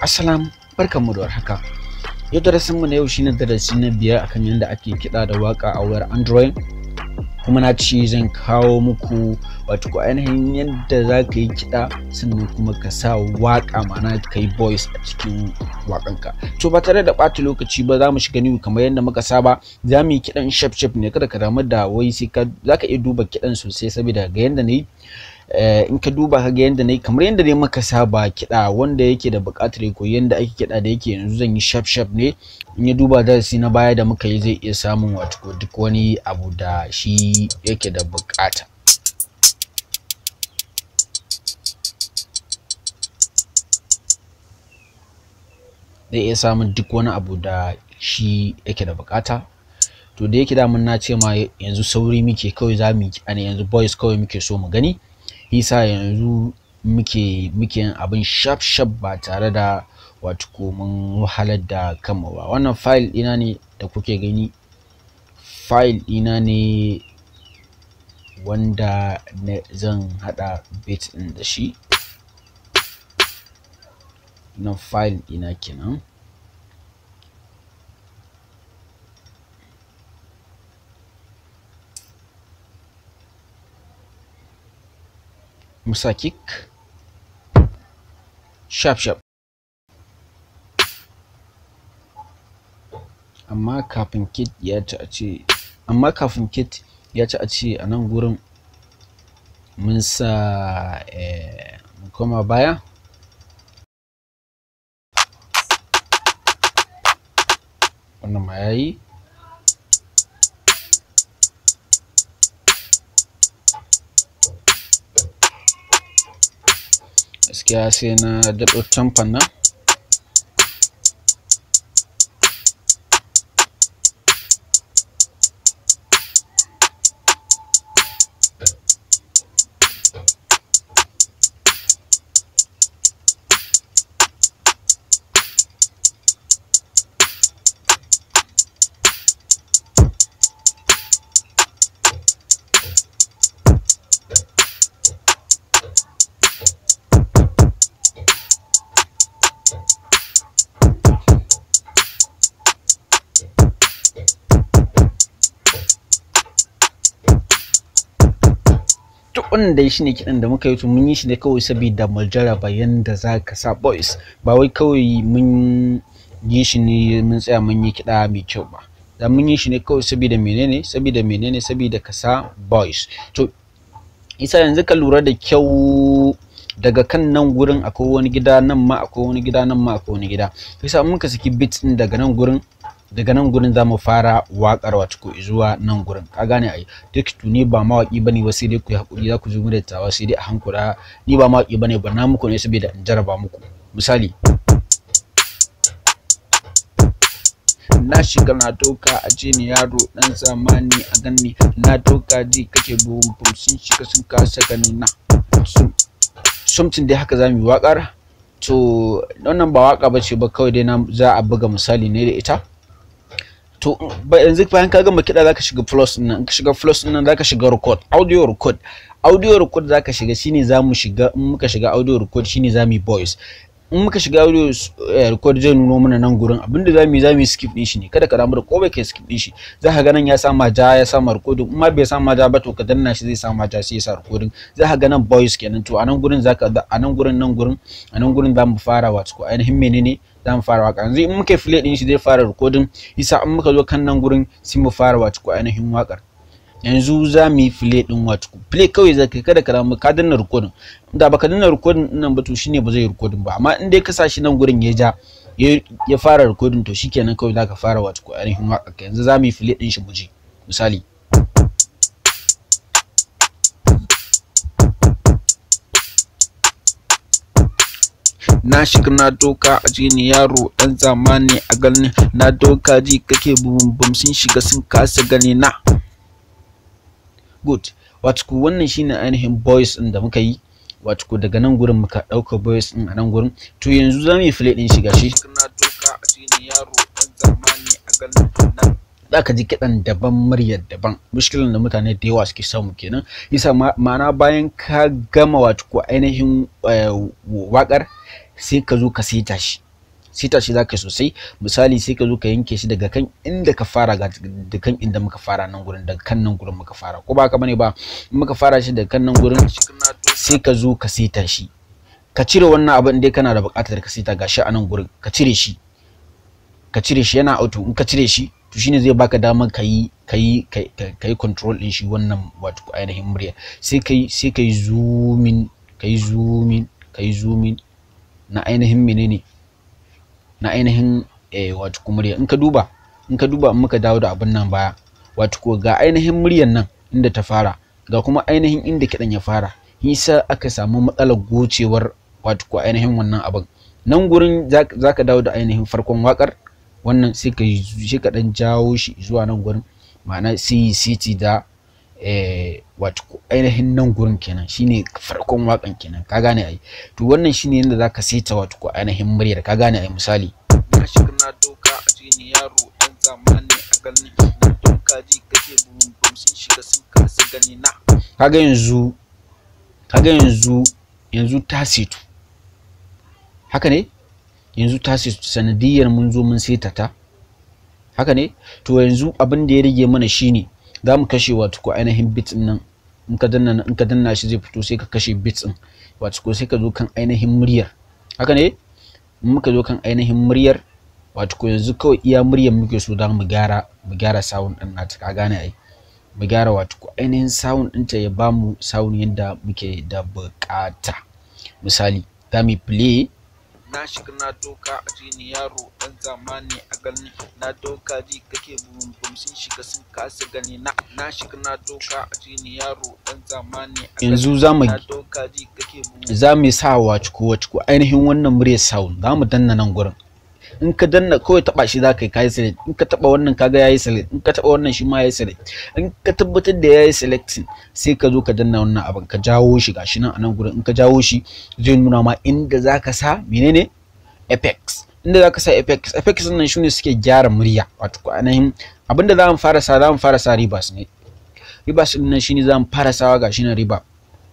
Assalam barkanmu da warhaka. Yau darasin mu na yau shine darasi na biyar akan yadda ake kiɗa da waka a wayar Android. Kuma na ci zan kawo muku wato ko ainihin yadda za ka yi kiɗa sannan kuma ka sa waka ma'ana ka yi voice a cikin wakanka To ba tare da ɓata lokaci ba za mu shiga niyu kamar yadda muka saba za mu yi kiɗan shap shap ne kada ka damu da wai sai ka za ka iya duba kiɗan sosai saboda ga yadda na yi Eh, in ka duba ka ga yadda na kamar yadda ne maka saba kiɗa wanda yake da buƙatar ya koyi yadda ake kiɗa da yake yanzu zan yi shaf shaf ne in ya duba darasi na baya da muka yi zai iya samun wato duk wani abu da shi yake da buƙata zai iya samun duk wani abu da shi yake da buƙata to da yake da mun na ce ma yanzu sauri muke kawai za mu yi yanzu boys kawai muke so mu gani yasa yanzu muke muke yin abin shaf shaf ba tare da wato ko mun wahalar da kanmu ba wannan file ina ne da kuke gani file ɗina ne wanda zan hada bit ɗin da shi wannan file ɗina kenan musa kick sharp sharp amma kafin kit ya ci a ce amma kafin kit ya ci a ce a nan gurin mun sa eh, koma baya wannan ma ya yi gaskiya sai na daɗo camfan nan duk wannan dai shine kiɗan da muka yi to mun yi shi ne kawai saboda maljara bayan da za ka sa boys ba wai kawai mun yi shi ne mun tsaya mun yi kiɗa mai kyau ba da mun yi shi ne kawai saboda menene saboda menene saboda ka sa boys to isa yanzu ka lura da kyau daga kan nan gurin akwai wani gida nan ma akwai wani gida nan ma akwai wani gida yasa mun ka saki bits din daga nan gurin daga nan gurin za mu fara wakar wato ko zuwa nan gurin ka gane ai duk tuni ba mawaƙi bane ba sai dai ku yi hakuri za ku zo mu da tawa sai dai a hankura ni ba mawaƙi bane ba na muku ne saboda in jaraba muku misali na shiga na doka a ce ni yaro dan zamani a ganni na doka ji kake buhun sun shiga sun kasa gani na something dai haka za mu yi waƙar to wannan ba waka bace ba kawai dai za a buga misali ne da ita to yanzu bayan ka gama kiɗa zaka shiga plus din nan ka shiga plus din nan zaka shiga record audio record audio record zaka shiga shine zamu shiga in muka shiga audio record shine zamu voice in muka shiga audio eh, record zai nuno mana nan gurin abinda zamu yi zamu skip din shi ne kada ka damu da kobe bai kai skip din shi zaka ga nan ya sama ja ya sama recording in ma bai sama ja ba to ka danna shi zai sama ja sai ya sa recording zaka ga nan voice kenan to a nan gurin zaka a nan gurin nan gurin a nan gurin zamu fara wato ainihin menene za fara waka yanzu in muka file din shi zai fara recording isa in muka zo kan nan gurin sai mu fara watuku ainihin wakar yanzu za mu yi play din watuku play kawai zaka ka kada ka mu ka danna recording da baka danna recording nan ba to shine ba zai recording ba amma in dai ka sashi nan gurin ya ja ya fara recording to shikenan kawai za ka fara watuku ainihin waka yanzu za mu yi file din shi mu misali na shiga na doka aji ni yaro dan zamani a gani na doka ji kake bum sun shiga sun kasa gani na good ku wannan shine ainihin boys din da muka yi ku daga nan gurin muka dauka boys din a nan gurin to yanzu za mu yi play din shiga shi na doka aji ni yaro dan zamani a gani na zaka ji kiɗan daban muryar daban mushkilan da mutane da yawa suke samu kenan yasa ma'ana bayan ka gama wato ainihin eh, waƙar sai ka zo ka saita shi saita shi zaka sosai misali sai ka zo ka yanke shi daga kan inda ka fara da kan inda muka fara nan gurin daga kan nan gurin muka fara ko ba ka bane ba in muka fara shi daga kan nan gurin sai ka zo ka saita shi ka cire wannan abin dai kana da buƙatar ka saita gashi a nan gurin ka cire shi ka cire shi yana auto in ka cire shi to shine zai baka damar ka yi ka yi ka yi control din shi wannan wato ainihin murya sai kai sai kai zoomin kai zoomin kai zoomin na ainihin menene na ainihin eh, wato murya in ka duba in ka duba muka dawo da abin nan baya wato ko ga ainihin muryan nan inda ta fara ga kuma ainihin inda kiɗan ya fara hisa aka samu matsalar gocewar wato ko ainihin wannan abin nan gurin za dawo da ainihin farkon wakar wannan sai ka shi ka dan jawo shi zuwa nan gurin ma'ana sai city da Eh, wato ainihin nan gurin kenan shine farkon wakan kenan ka gane ai to wannan shine yadda zaka saita wato ko ainihin muryar ka gane ai misali ka shiga na doka a cikin yaro dan zamani a ganin na doka ji kace burin bum sun shiga sun kasa gani na kaga yanzu kaga yanzu yanzu ta saitu haka ne yanzu ta sanadiyar mun zo mun saita ta haka ne to yanzu abin da ya rage mana shine za mu kashe wato ko ainihin bit nan in ka danna in ka danna shi zai fito sai ka kashe bits din wato ko sai ka zo kan ainihin muryar haka ne in muka zo kan ainihin muryar wato ko yanzu kawai iya muryar muke so da mu gyara mu gyara sound din nata ka gane ai mu gyara wato ko ainihin sound din ta ya bamu sound yanda muke da bukata misali za mu play na shiga na doka a jini yaro dan zamani a gani na doka ji kake burin sun shiga sun kasa gani na na shiga na doka a jini yaro dan zamani a yanzu zamu za mu sa wa ciko wa ciko ainihin wannan muryar sound za mu danna nan gurin in ka danna kawai taba shi za ka yi kayi select in ka taba wannan kaga yayi select in ka taba wannan shi ma yayi select in ka tabbatar da yayi selecting sai ka zo ka danna wannan abin ka jawo shi gashi nan a nan gurin in ka jawo shi zai nuna ma inda za ka sa menene apex inda za ka sa apex apex nan shi ne suke gyara murya wato ainihin abinda za mu fara sa za mu fara sa ribas ne ribas din nan ne za mu fara sawa gashi nan riba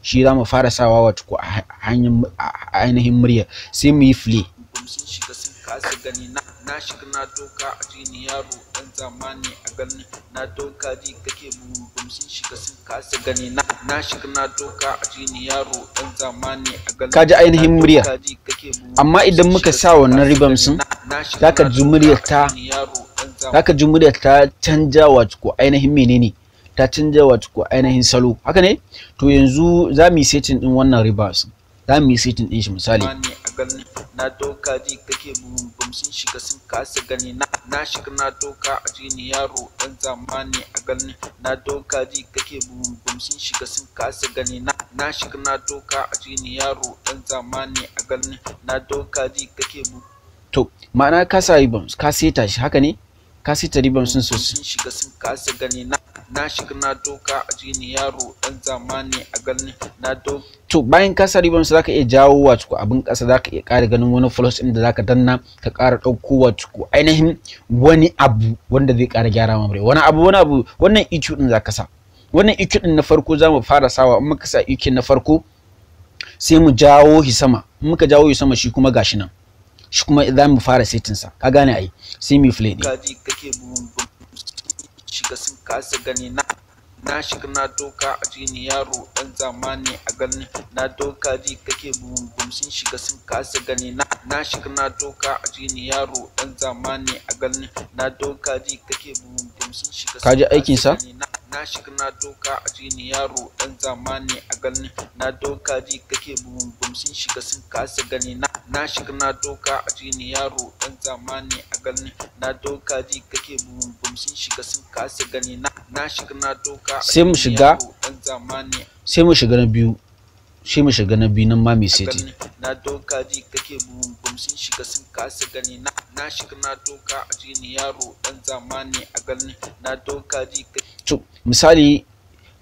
shi za mu fara sawa wato a hanyar ainihin murya sai mu yi flee kasa gani na na shiga na doka a cikin yaro dan zamani a gani na doka ji kake burum sun shiga sun kasa gani na na shiga na doka a cikin yaro dan zamani a gani kaji ainihin murya amma idan muka sa wannan ribam sun zaka ji muryar ta zaka ji muryar ta canja wato ko ainihin menene ta canja wato ko ainihin salo haka ne to yanzu za mu yi setting din wannan ribam sun za mu yi setting din shi misali na doka ji kake bumbum sun shiga sun kasa gani na shiga na doka a jini yaro dan zamani a gani na doka ji kake bumbum sun shiga sun kasa gani na shiga na doka a jini yaro dan zamani a gani na doka ji kake bu to ma'ana ka sa ribams ka seta shi haka ne ka seta ribam sun sosai sun shiga sun kasa gani na shiga na doka a jini yaro dan zamani a ganin na doka to bayan ka sa rebound zaka iya jawo wato abin kasa zaka iya kare ganin wani flush din da zaka danna ka ƙara ɗauko wato ainihin wani abu wanda zai kara gyara ma wani abu wani abu wannan EQ din zaka sa wannan EQ din na farko zamu fara sawa in muka sa EQ na farko sai mu jawo shi sama in muka jawo shi sama shi kuma gashi nan shi kuma za mu fara setting sa ka gane ai sai mu play din kaji kake shiga sun kasa gani na na shiga na doka a jikin yaro dan zamani a ganin na doka ji kake bumbum sun shiga sun kasa gani na na shiga na doka a jikin yaro dan zamani a ganin na doka ji kake bumbum sun shiga kaji aikin sa na shiga na doka a jikin yaro dan zamani a ganin na doka ji kake bumbum sun shiga sun kasa gani na na shiga na doka a jini yaro dan zamani a gani na doka ji kake bumbum sun shiga sun kasa gani na na shiga na doka sai mu shiga dan zamani sai mu shiga na biyu sai mu shiga na biyu nan ma mai seti na doka ji kake bumbum sun shiga sun kasa gani na na shiga na doka a jini yaro dan zamani a gani na doka ji to misali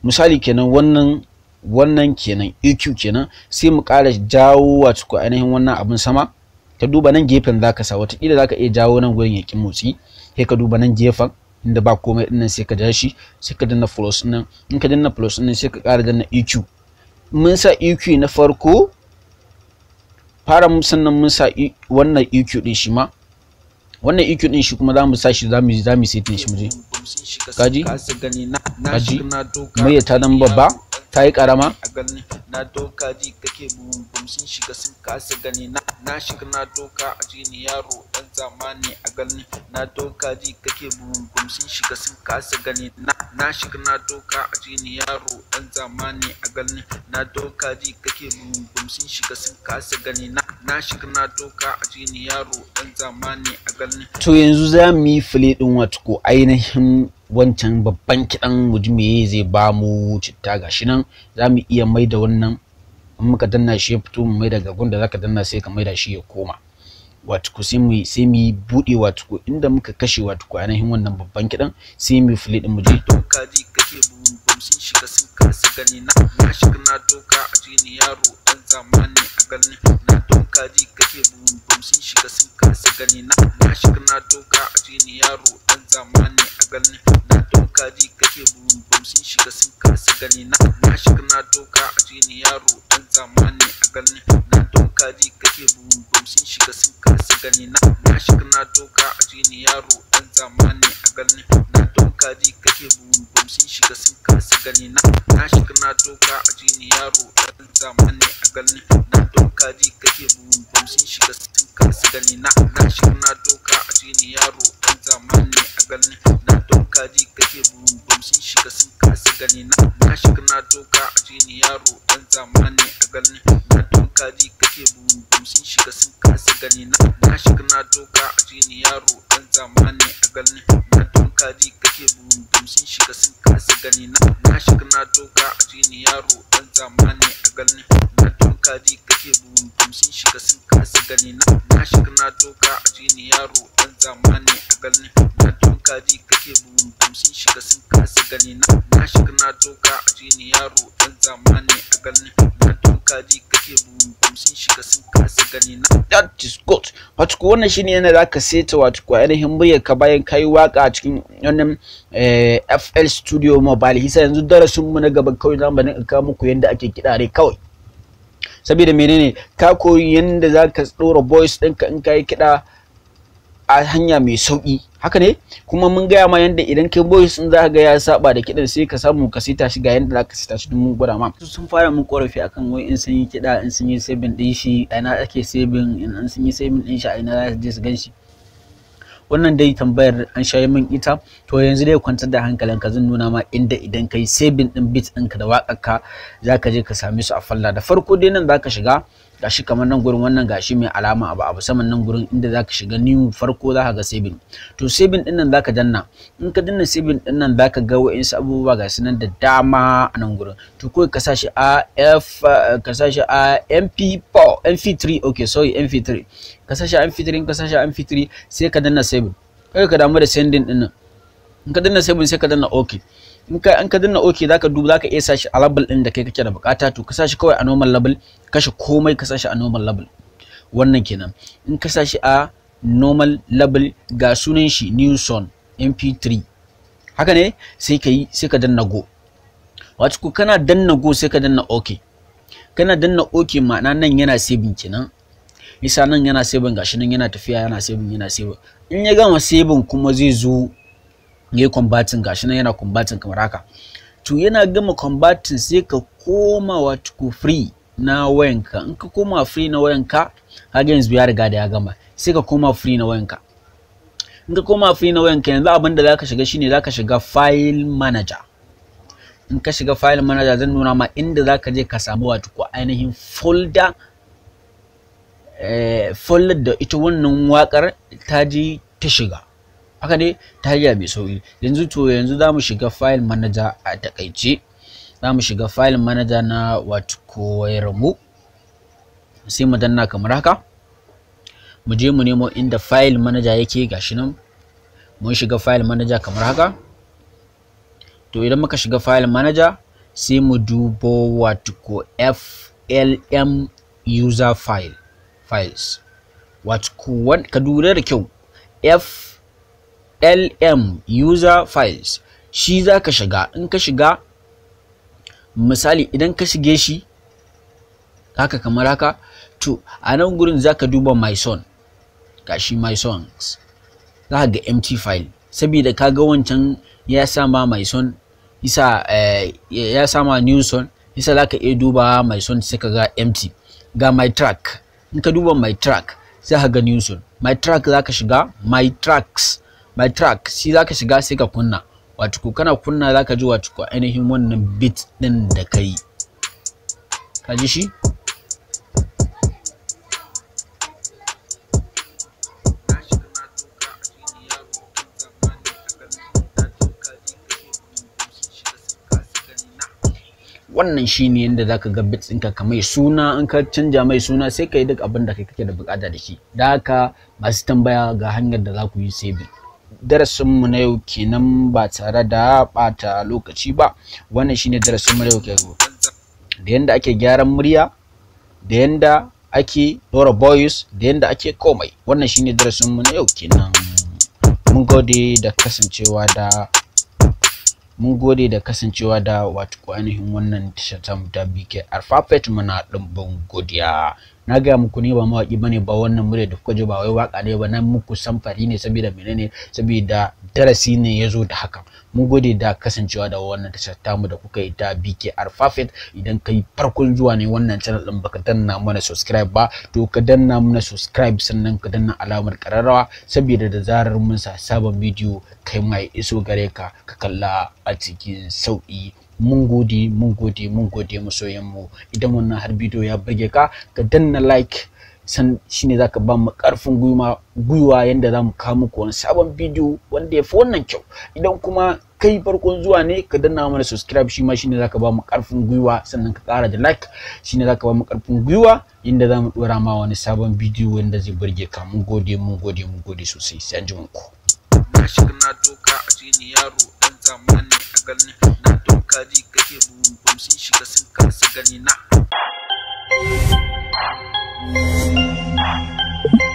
misali kenan wannan wannan kenan EQ kenan sai mu ƙara jawo wato ko ainihin wannan abun sama ka duba nan gefen zaka sa wata kila zaka iya jawo nan gurin yakin motsi sai ka duba nan gefen inda ba komai nan sai ka dashi shi sai ka danna plus din in ka danna plus din sai ka ƙara danna EQ mun sa EQ na farko fara sannan mun sa wannan EQ din shi ma wannan EQ din shi kuma za mu sa shi za mu za mu setting shi mu je kaji kaji mai ta nan babba ta yi karama na doka ji kake bumbum sun shiga sun kasa gani na shiga na doka a cikin yaro dan zamani a gani na doka ji kake bumbum sun shiga sun kasa gani na na shiga na doka a jini yaro ɗan zamani a ganin, na doka ji kake rumbum sun shiga sun kasa gani na shiga na doka a jini yaro ɗan zamani a ganin. to yanzu za mu yi fili ɗin wato ko ainihin wancan babban kiɗan mujmiye zai ba mu citta gashi nan za mu iya mai da wannan in muka danna shi ya fito mu mai da gagun da zaka danna sai ka mai da shi ya koma ku sai mu sai mu bude wato inda muka kashe wato ainihin wannan babban kidan sai mu fili din mu je. suke bumbum sun shiga sun kasa gani na na shiga na doka a jini yaro dan zamani a gani na don ji kake bumbum sun shiga sun kasa gani na na shiga na doka a jini yaro dan zamani a gani na don ji kake bumbum sun shiga sun kasa gani na na shiga na doka a jini yaro dan zamani a gani na don ji kake bumbum sun shiga sun kasa gani na na shiga na doka a jini yaro dan zamani a gani na kaji kake bumbum sun shiga sun kasu gani na na shiga na doka a jini yaro ɗan zamani a gani na doka ji kake bumbum sun shiga sun kasu gani na na shiga na doka a jini yaro ɗan zamani a gani na doka ji kake bumbum sun shiga sun kasu gani na na shiga na doka a jini yaro ɗan zamani a gani na doka ji kake bumbum sun shiga sun kasu gani na na shiga na doka a jini yaro ɗan zamani a gani na tsari kake dum sun shiga sun kasa gani na shiga na doka a jini yaro dan zamani a ganin na kari kake bumbum sun shiga sun kasa gani na na shiga na doka a jini yaro dan zamani a galni na tun kari kake bumbum sun shiga sun kasa gani na na shiga na doka a jini yaro dan zamani a galni na tun kari kake bumbum sun shiga sun kasa gani na that is good wato ko wannan shine yana zaka seta wato ko ainihin muryar ka bayan kai waka a cikin wannan eh, FL Studio Mobile hisa yanzu darasin mu na gaban kawai zamu dinka muku yanda ake kidare kawai saboda menene ka koyi yadda zaka ka ɗora voice ɗinka in ka yi kiɗa a hanya mai sauƙi haka ne kuma mun gaya ma yadda idan kai voice in za ka ga ya saba da kiɗan sai ka samu ka sita shi ga yadda za ka sita shi mun gwada ma sun fara mun korafi akan wai in sun yi kiɗa in sun yi saving ɗin shi ina ake saving in sun yi saving ɗin shi a ina za su je su gan shi wannan dai tambayar an shayi min ita to yanzu dai kwantar da ka zan nuna ma inda idan kai saving din bit ɗinka da waƙarka za ka je ka same su a falla da farko dai nan za ka shiga gashi kamar nan gurin wannan gashi mai alama abu abu saman nan gurin inda zaka shiga new farko zaka ga saving to saving din nan zaka danna in ka danna saving din nan zaka ga wa'insu abubuwa ga su nan da dama a nan gurin to kawai ka sashi a f ka sashi a mp4 mp3 okay sorry mp3 ka sashi mp3 ka sashi mp3 sai ka danna saving kai ka damu da sending din nan in ka danna saving sai ka danna okay in ka an ka za ka zaka za zaka iya sashi a label din da kai kake da bukata to ka sashi kawai a normal label kashe komai ka sashi a normal label wannan kenan in ka sashi a normal label ga sunan shi newson mp3 haka ne sai ka yi sai ka danna go wato ko kana danna go sai ka danna okay kana danna oke ma'ana nan yana saving kenan isa nan yana saving gashi nan yana tafiya yana saving yana saving in ya gama saving kuma zai zo ya yi combating gashi nan yana combating kamar haka to yana gama combating sai ka koma wato ku free na wayanka in ka koma free na wayanka har yanzu ya riga da ya gama sai ka koma free na wayanka in ka koma free na wayanka yanzu abin da zaka shiga shine zaka shiga file manager in ka shiga file manager zan nuna ma inda zaka je ka samu wato ainihin folder eh, folder da ita wannan wakar ta je ta shiga haka dai ta hanya mai sauki yanzu to yanzu za mu shiga file manager a takaice za mu shiga file manager na wato koyar mu sai mu danna kamar haka mu je mu nemo inda file manager yake gashi nan mun shiga file manager kamar haka to idan muka shiga file manager sai mu dubo wato ko flm user file files wato ka lura da kyau f lm user files shi za shiga in ka shiga misali idan ka shige shi haka kamar haka to a nan gurin za duba my son gashi my songs za ga empty file saboda ka ga wancan ya sama my son isa ya sama eh, new son isa za iya duba my son sai ka ga empty ga my track in ka duba my track za ka ga new son my track za ka shiga my tracks by track shi zaka shiga sai ka kunna wato kana kunna zaka ji wato ainihin wannan beat din da kai ka ji shi wannan shine yadda zaka ga bits ɗinka ka mai suna in ka canja mai suna sai ka yi duk abin da kai kake da bukata da shi da haka masu tambaya ga hanyar da za ku yi saving darasinmu na yau kenan ba tare da ɓata lokaci ba wannan shine darasinmu na yau kenan da yanda ake gyaran murya da yanda ake dora boys da yanda ake komai wannan shine darasinmu na yau kenan mun gode da kasancewa da mun gode da kasancewa da wato ainihin wannan tashar ta BK Alphabet muna ɗumbin godiya na gaya muku ne ba mawaki bane ba wannan murya da kuka ji ba wai waka ne ba na muku samfari ne saboda menene saboda darasi ne ya zo da haka mun gode da kasancewa da wannan tashar mu da kuka yi ta BKR Perfect idan kai farkon zuwa ne wannan channel din baka danna mana subscribe ba to ka danna mana subscribe sannan ka danna alamar kararrawa saboda da zarar mun sa sabon bidiyo kai mai iso gare ka ka kalla a cikin sauki mun gode mun gode mun gode masoyanmu idan wannan har bidiyo ya bage ka ka danna like san shine zaka ba mu karfin gwiwa gwiwa yanda zamu kawo muku wani sabon bidiyo wanda ya fi wannan kyau idan kuma kai farkon zuwa ne ka danna mana subscribe shi ma shine zaka ba mu karfin gwiwa sannan ka kara da like shine zaka ba mu karfin gwiwa yanda zamu dora ma wani sabon bidiyo wanda zai burge ka mun gode mun gode mun gode sosai sai an na doka. shi ne yaro ɗan zamani a gani na don kaji kake bumbum sun shiga sun kasa gani na